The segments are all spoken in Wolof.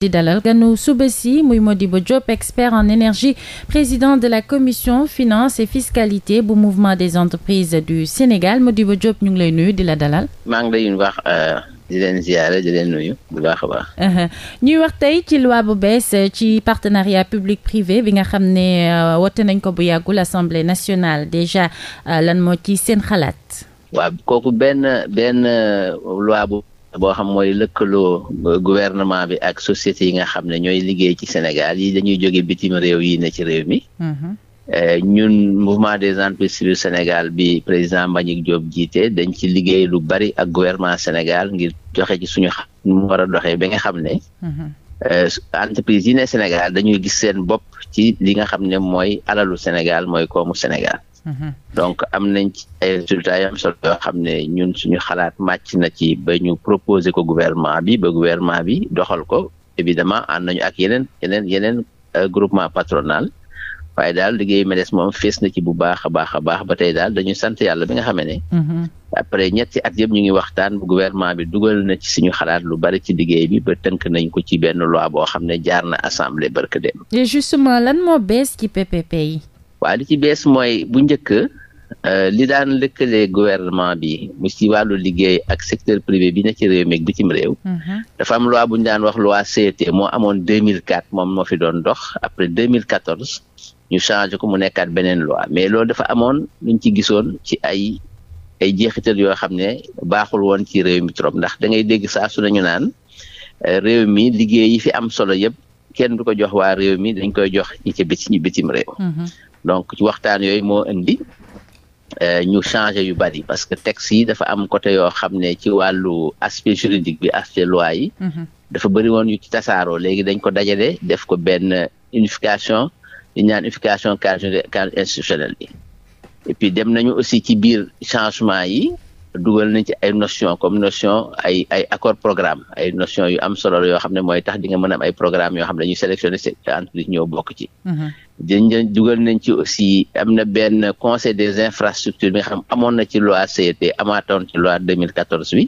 di dalal ganu suba si muy Modibo Diop expert en énergie président de la commission finance et fiscalité bu mouvement des entreprises du Sénégal Modibo Diop ñu ngi lay nuyu di la dalal. maa ngi lay wax euh, di leen ziare di leen nuyu bu baax a baax. Uh-huh. ñuy wax tey ci loi bu bees euh, ci partenariat public privé bi nga xam ne euh, wote nañ ko bu yàggul assemblée nationale déjà lan moo ci seen xalaat. waaw kooku benn benn boo xam mooy lëkkaloo euh, gouvernement bi ak société yi nga xam ne ñooy liggéey ci Sénégal yi dañuy jóge bitim réew yi ne ci réew mi mm-hmm. euh, ñun mouvement des entreprises civiles Sénégal bi président Mbagnick Diop jiite dañ ci liggéey lu bari ak gouvernement Sénégal ngir joxe ci suñu xam mu war a doxee ba nga xam ne mm-hmm. euh, entreprise yi ne Sénégal dañuy gis seen bopp ci li nga xam ne mooy alalu Sénégal mooy koomu Sénégal donc am nañ ci ay résultats yoo xam ne ñun suñu xalaat màcc na ci ba ñu proposer ko gouvernement bi ba gouvernement bi doxal ko évidemment ànd nañu ak yeneen yeneen yeneen euh, groupement patronal waaye daal liggéey MEDES moom fees na ci bu baax a baax a baax ba tey daal dañu sant yàlla bi nga xam ne. Mm-hmm. après ñetti at yëpp ñu ngi waxtaan bu gouvernement bi dugal na ci suñu xalaat lu bari ci liggéey bi ba tënk nañ ko ci benn loi boo xam ne jaar na assemblée barke dem. waaw li ci bees mooy bu njëkk euh, li daan lëkkalee gouvernement bi mu ci wàllu liggéey ak secteur privé bi ne ci réew mi ak bitim réew. Mhm. dafa am loi bu ñu daan wax loi CET moo amoon 2004 moom moo fi doon dox après 2014 ñu changé ko mu nekkaat beneen loi mais loolu dafa amoon luñ ci gisoon ci ay ay jeexital yoo xam ne baaxul woon ci réew mi trop ndax da ngay dégg saa su nañu naan euh, réew mi liggéey yi fi am solo yëpp kenn du ko jox waa réew mi dañ koy jox ñi ci bitim bitim réew. Mhm. donc ci waxtaan yooyu moo indi euh, ñu changé yu bari parce que texte yi dafa am côté yoo xam ne ci wàllu aspect juridique bi aspect loi yi. Mhm. dafa bëri woon yu ci tasaaro léegi dañ ko dajale def ko benn unification ñu ñaan unification cadre institutionnel bi et puis dem nañu aussi ci biir changement yi dugal nañ ci ay notion comme notion ay ay accord programme ay notion yu am solo yoo xam ne mooy tax di nga mën a ay programme yoo xam ne dañuy sélectionné entreprise ñoo bokk ci mhm. jënjën dugal nañ ci aussi am na benn conseil des infrastructures bi nga xam amoon na ci loi CET amaatoon ci mille 2014 bi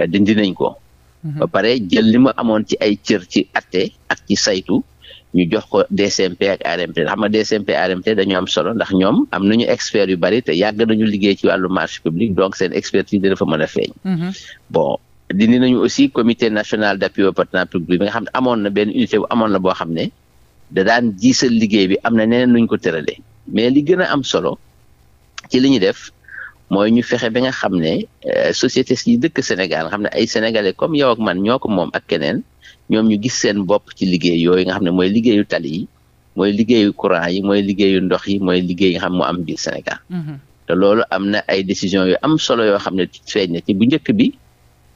euh, dindi nañ ko. Mhm. ba pare jël li mu amoon ci ay cër ci atte ak ci saytu ñu jox ko DCMP ak ARMT xam nga DCMP ARMT dañu am solo ndax ñoom am nañu experts yu bari te yàgg nañu liggéey ci wàllu marché public donc seen expertise dafa mën a feeñ. Mhm. bon dindi nañu aussi comité national d'appui au partenariat bi nga xam ne amoon na benn unité amoon na boo xam ne. da daan jiisal liggéey bi am na neneen nuñ ko tëralee mais li gën a am solo ci li ñu def mooy ñu fexe ba nga xam ne euh, société yi dëkk Sénégal nga xam ne ay sénégalais comme yow ak man ñoo ko moom ak keneen ñoom ñu gis seen bopp ci liggéey yooyu nga xam ne mooy liggéeyu tali yi mooy liggéeyu courant yi mooy liggéeyu ndox yi mooy liggéey nga xam mu am biir Sénégal. Mm-hmm. te loolu am na ay décision yu am solo yoo xam ne feeñ na ci bu njëkk bi.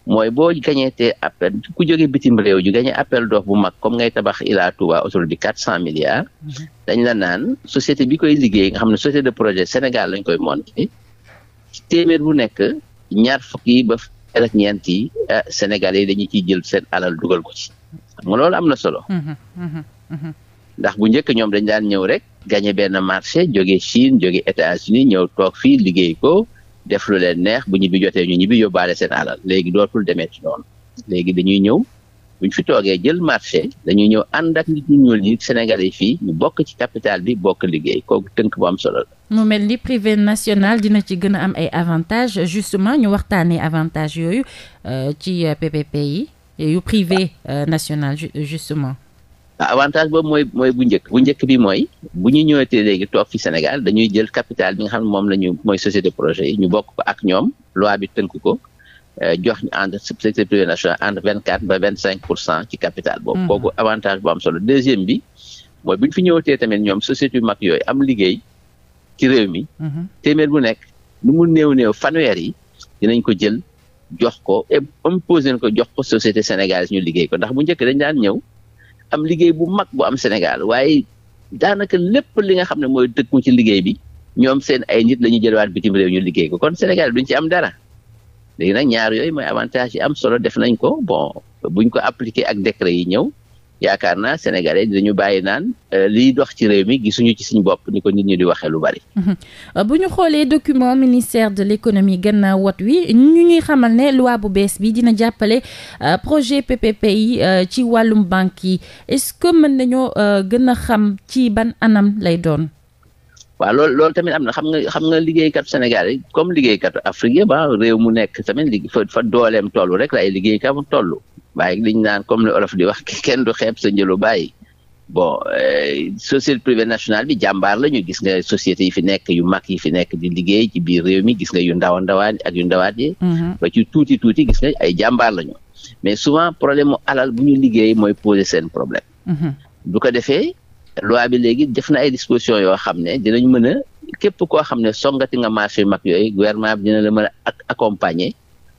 mooy boo gañeetee appel ku jóge bitim réew ju gañe appel d'offre bu mag comme ngay tabax Ila Touba autour di quatre cent milliards mm-hmm. dañ la naan société bi koy liggéey nga xam ne société de projet Sénégal lañ koy monté téeméer bu nekk ñaar fukk yi ba fukk ak ñeent yi eh, Sénégal yi dañu ciy jël seen alal dugal ko ci xam nga loolu am na solo mm-hmm. Mm-hmm. ndax bu njëkk ñoom dañ daan ñëw rek gañe benn marché jóge Chine jóge États-Unis ñëw toog fii liggéey ko def lu leen neex bu ñibbi jotee ñu ñibbi yóbbaale seen alal léegi dootul demee ci noonu léegi dañuy ñëw buñ fi toogee jël marché dañuy ñëw ànd ak nit ñu ñuul ñi Sénégalais yi fii ñu bokk ci capital bi bokk liggéey kooku tënk bu am solo la. mu mel ni privé national dina ci gën a am ay avantage justement ñu waxtaanee avantages yooyu euh, ci PPP euh, yi yu privé euh, national justement Ah, avantage boobu mooy mooy bu njëkk bu njëkk bi mooy bu ñu ñëwetee léegi toog fi Sénégal dañuy jël capital bi nga xam ne moom la ñu mooy société projet yi ñu bokk ko ak ñoom loi bi tënk ko eh, jox ñu entre secteur privé national entre ba vingt cinq pour cent ci capital boobu hmm. kooku avantage bu am solo deuxième bi mooy bu ñu fi ñëwetee tamit ñoom société yu mag yooyu am liggéey ci réew mi hmm. téeméer bu nekk lu mu néew neew fanweer yi dinañ ko jël jox ko et ko jox ko société sénégalaise ñu liggéey ko ndax bu njëkk dañ daan ñëw am liggéey bu mag bu am Sénégal waaye daanaka lépp li nga xam ne mooy dëkku ci liggéey bi ñoom seen ay nit la ñuy jëlwaat bitim réew ñu liggéey ko kon Sénégal duñ ci am dara léegi nag ñaar yooyu mooy avantage yi am solo def nañ ko bon buñ ko appliqué ak décret yi ñëw yaakaar naa sénégalais dañu bàyyi naan euh, liy dox ci réew mi gisuñu ci suñu bopp ni ko nit ñi di waxee lu bari. Mhm. Euh, bu ñu xoolee document ministère de l'économie gannaaw wat wi ñu ñuy xamal ne loi bu bees bi dina jàppale euh, projet PPP yi ci wàllum banque yi est-ce que mën nañoo gën a xam ci ban anam lay doon. waa lool loolu tamit am na xam nga xam nga liggéeykat Sénégal yi comme liggéeykat Afrique yëpp ah réew mu nekk tamit liggéey fa fa dooleem toll rek la ay liggéeykat mu toll li ñu naan comme li di wax kenn du xeeb sa njëlu bàyyi bon eh, société privée nationale bi jàmbaar la ñu gis nga société yi fi nekk yu mag yi fi nekk di liggéey ci biir réew mi gis nga yu ndaw ndawaan ak yu ndawaat yi. Mm-hmm. ba ci tuuti tuuti gis nga ay jàmbaar la ñu mais souvent problème mu alal bu ñu liggéey mooy poser seen problème. Mm-hmm. bu ko defee loi bi léegi def na ay dispositions yoo xam ne dinañ mën képp koo xam ne songati nga marché yu mag yooyu gouvernement bi dina la mën a accompagner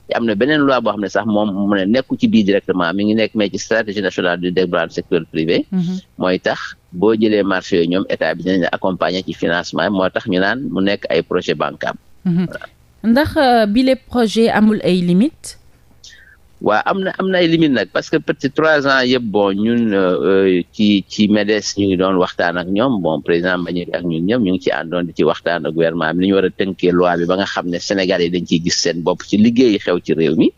te am na beneen loi boo xam ne sax moom mu ne nekku ci biir directement mi ngi nekk mais ci stratégie nationale du développement secteur privé. Mhm. mooy tax boo jëlee marché yooyu ñoom état bi dinañ la accompagner ci financement moo tax ñu naan mu nekk ay projet bancable. Mhm. ndax euh, bile projet amul ay limites. waaw am na am na ay limite nag parce que peut-être trois ans yëpp bon ñun euh, euh, ci ci MEDES ñu ngi doon waxtaan ak ñoom bon président Mbagnick ak ñun ñëpp ñu ngi ci andoon di ci waxtaan ak gouvernement bi ni ñu war a tënkee loi bi ba nga xam ne Sénégal yi dañ ciy gis seen bopp ci liggéey xew ci réew mi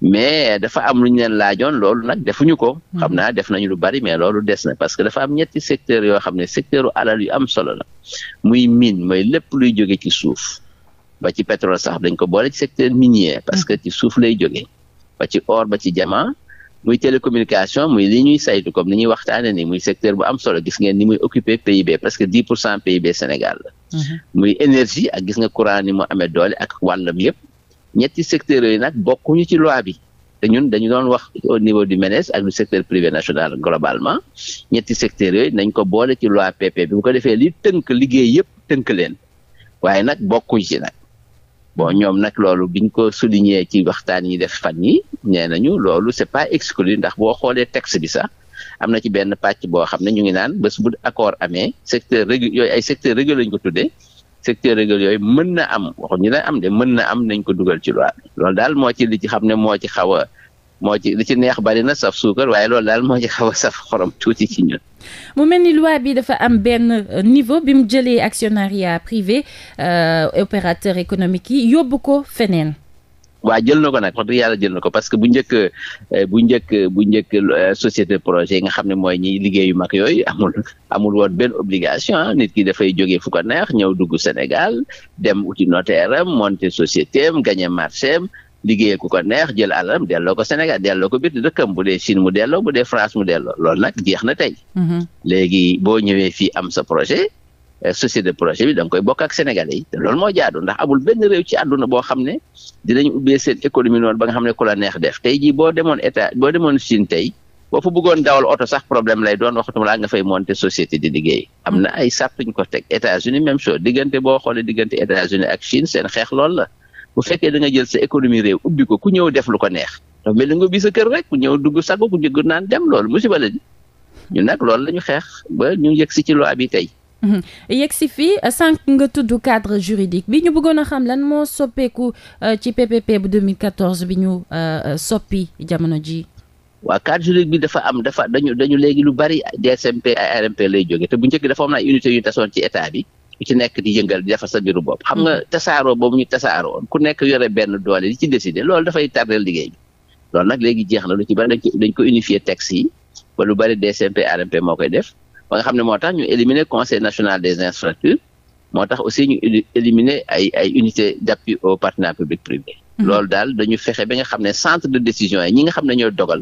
mais dafa am lu ñu leen laajoon loolu nag defuñu ko. Hmm. xam naa def nañu lu bari mais loolu des na parce que dafa am ñetti secteur yoo xam ne secteur alal yu am solo la muy miin mooy lépp luy jóge ci suuf ba ci pétrole sax dañ ko boole ci secteur minier parce hmm. que ci suuf lay jóge ba ci or ba ci diamant muy télécommunication muy li ñuy saytu comme ni ñuy waxtaane ni muy secteur bu am solo gis ngeen ni muy occupé PIB presque dix pour cent PIB Sénégal la mm-hmm. muy énergie ak gis nga courant ni mu amee doole ak wàllam yëpp ñetti secteurs yooyu nag bokkuñu ci loi bi te ñun dañu doon wax au niveau du MENES ak du secteur privé national globalement ñetti secteurs yooyu nañ ko boole ci loi PP bi bu ko defee li tënk liggéey yëpp tënk leen waaye nag bokkuñ ci bon ñoom nag loolu biñ ko souligner ci waxtaan yi def fan yi nee nañu loolu c'est pas exclu ndax boo xoolee texte bi sax am na ci benn pàcc boo xam ne ñu ngi naan bés bu accord amee secteur régu yooyu ay secteur régulier lañ ko tuddee secteur régulier yooyu mën na am waxuñu ne am de mën na am nañ ko dugal ci loi loolu daal moo ci li ci xam ne moo ci xaw a moo ci li ci neex bari na saf suukar waaye loolu daal moo ci xaw a saf xorom tuuti ci ñun. mu mel ni loi bi dafa am benn euh, niveau bi mu jëlee actionnariat privé euh, opérateur économique yi yóbbu ko feneen. waa jël na ko nag wax dëgg yàlla jël na ko parce que bu njëkk euh, bu njëkk bu njëkk société projet yi nga xam ne mooy ñi liggéey yu mag yooyu amul amul woon benn obligation ah, nit ki dafay jógee fu ko neex ñëw dugg Sénégal dem uti notaire am monter société am gagner marché liggéeyal ku ko neex jël alalam dello ko Sénégal delloo ko biir dëkkam bu dee Chine mu delloo bu dee France mu delloo loolu nag jeex na tey. Mm-hmm. léegi boo ñëwee fii am sa projet eh, société de projet bi da koy bokk ak Sénégalais yi te loolu moo jaadu ndax amul benn réew ci àdduna boo xam ne dinañ ubbee seen économie noonu ba nga xam ne ku la neex def tey jii boo demoon état boo demoon Chine tey. boo fa bëggoon dawal oto sax problème lay doon waxatuma laa nga fay monter société di liggéey am na ay sàrt ko teg États-Unis même diggante boo xoolee diggante états seen xeex la bu fekkee da jël sa économie réew ubbi ko ku ñëw def lu ko neex dafa mel ni nga ubbi sa kër rek ku ñëw dugg sago ku njëgg naan dem loolu musiba la di ñu nag loolu la ñu xeex ba ñu yegg si ci loi bi tey. Mhm. yegg si fii euh, sànq nga tudd cadre juridique bi ñu bëggoon a xam lan moo soppeeku euh, ci PPP bu 2014 bi ñu euh, soppi jamono ji waa cadre juridique bi dafa am dafa dañu dañu léegi lu bari DSMP ay ARMP lay jóge te bu njëkk dafa am na ay unité yu tasoon ci état bi. ku ci nekk di yëngal di defar sa biiru bopp xam nga mm-hmm. tasaaroo boobu ñu tasaaroon ku nekk yore benn doole di ci décider lool dafay tardeel liggéey bi loolu nag léegi jeex na lu ci bari dañ ko unifier texte yi ba lu bari DCMP RMP moo koy def ba nga xam ne moo tax ñu éliminer conseil national des infrastructures moo tax aussi ñu éliminer ay ay unité d' appui au partenariat public privé Mm-hmm. loolu daal dañu fexe ba nga xam ne centre de décision yi ñi nga xam ne ñoo dogal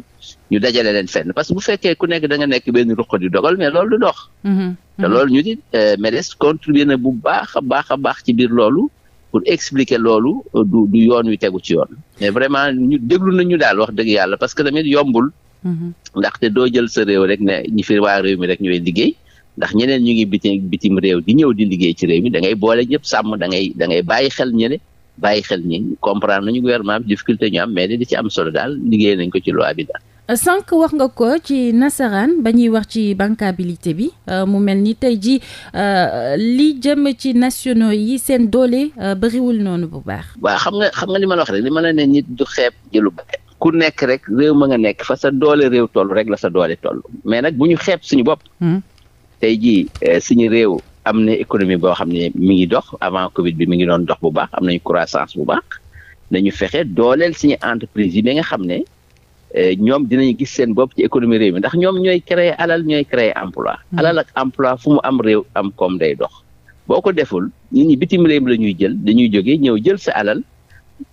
ñu dajale leen fenn parce que bu fekkee ku nekk da nekk benn ruq di dogal mais loolu du dox. Mm-hmm. te mm-hmm. loolu ñu di euh, MEDES contribuer na bu baax a baax a baax ci biir loolu pour expliquer loolu euh, du du yoon wi tegu ci yoon mais vraiment ñu déglu nañ ñu daal wax dëgg yàlla parce que tamit yombul. ndaxte doo jël sa réew rek ne ñi fi waa réew mi rek ñooy liggéey. ndax ñeneen ñu ngi bitim bitim réew di ñëw di liggéey ci réew mi da ngay boole ñëpp sàmm da ngay da bàyyi xel ñeneen bàyyi xel ni comprendre nañu gouvernement bi difficulté ñu am mais di ci am solo daal liggéey nañ ko ci loi bi daal. sànq wax nga ko ci nasaraan ba ñuy wax ci bancabilité bi euh, mu mel ni tey ji euh, li jëm ci nationaux yi seen doole euh, bëriwul noonu bu baax. waa xam nga xam nga li ma la wax rek li ma la ne nit du xeeb jëlu ba ku nekk rek réew ma nga nekk fa sa doole réew toll rek la sa doole toll mais nag bu ñu xeeb suñu bopp. Hmm. tey jii suñu réew am na économie boo xam ne mi ngi dox avant Covid bi mi ngi doon dox bu baax am nañu croissance bu baax na ñu fexe dooleel suñu entreprise yi ba nga xam ne eh, ñoom dinañu gis seen bopp ci économie réew mi ndax ñoom ñooy créer alal ñooy créer emploi hmm. alal ak emploi fu mu am réew am koom day dox boo ko deful nit ñi bitim réew la ñuy jël dañuy jógee ñëw jël si alal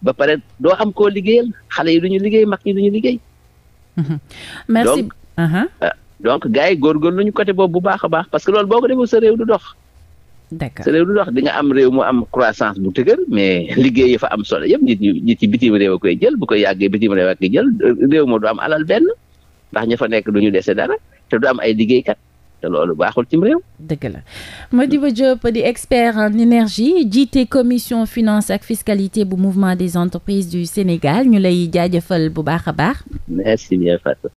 ba pare doo am koo liggéeyal xale yi du ñu liggéey mag ñi dañu liggéey. Hmm. merci. Uh-huh. Euh, donc gars yi góorgóorlu ñu côté boobu bu baax a baax parce que loolu boo ko defee sa réew du dox. d'accord sa réew du dox di nga am réew mu am croissance bu tëgër mais liggéey yi fa am solo yëpp nit ñi nit ci bitim réew a koy jël bu ko yàggee bitim réew ak koy jël réew ma du am alal benn ndax ña fa nekk du ñu dese dara te du am ay liggéeykat. te loolu baaxul cim réew. dëgg la Modibo Diop di expert en énergie jiite commission finance ak fiscalité bu mouvement des entreprises du Sénégal ñu lay jaajëfal bu baax a baax. merci